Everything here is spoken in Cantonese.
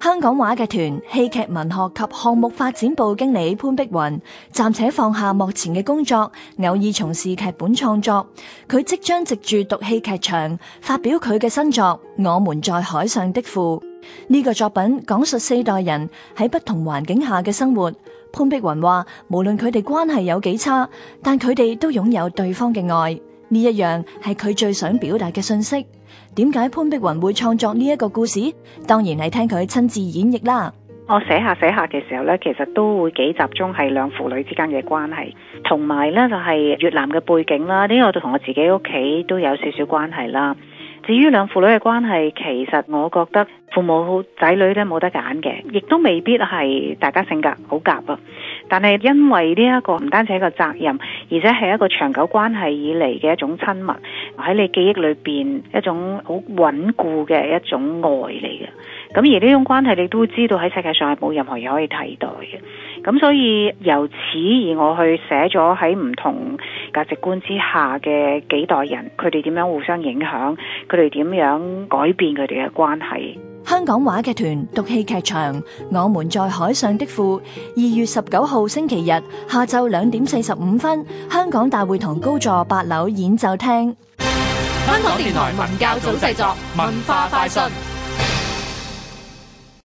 香港話劇團戲劇文學及項目發展部經理潘碧雲暫且放下幕前嘅工作，偶爾從事劇本創作。佢即將藉住讀戲劇場發表佢嘅新作《我們在海上的父》。呢個作品講述四代人喺不同環境下嘅生活。潘碧雲話，無論佢哋關係有幾差，但佢哋都擁有對方嘅愛。呢一樣係佢最想表達嘅信息。點解潘碧雲會創作呢一個故事？當然係聽佢親自演繹啦。我寫下寫下嘅時候呢，其實都會幾集中係兩父女之間嘅關係，同埋呢就係越南嘅背景啦。呢個就同我自己屋企都有少少關係啦。至於兩父女嘅關係，其實我覺得父母仔女呢冇得揀嘅，亦都未必係大家性格好夾啊。但係因為呢一個唔單止係一個責任，而且係一個長久關係以嚟嘅一種親密，喺你記憶裏邊一種好穩固嘅一種愛嚟嘅。咁而呢種關係你都知道喺世界上係冇任何嘢可以替代嘅。咁所以由此而我去寫咗喺唔同價值觀之下嘅幾代人，佢哋點樣互相影響，佢哋點樣改變佢哋嘅關係。香港話劇團讀戲劇場，我們在海上的父，二月十九號星期日下晝兩點四十五分，香港大會堂高座八樓演奏廳。香港電台文教組製作，文，作文化快訊。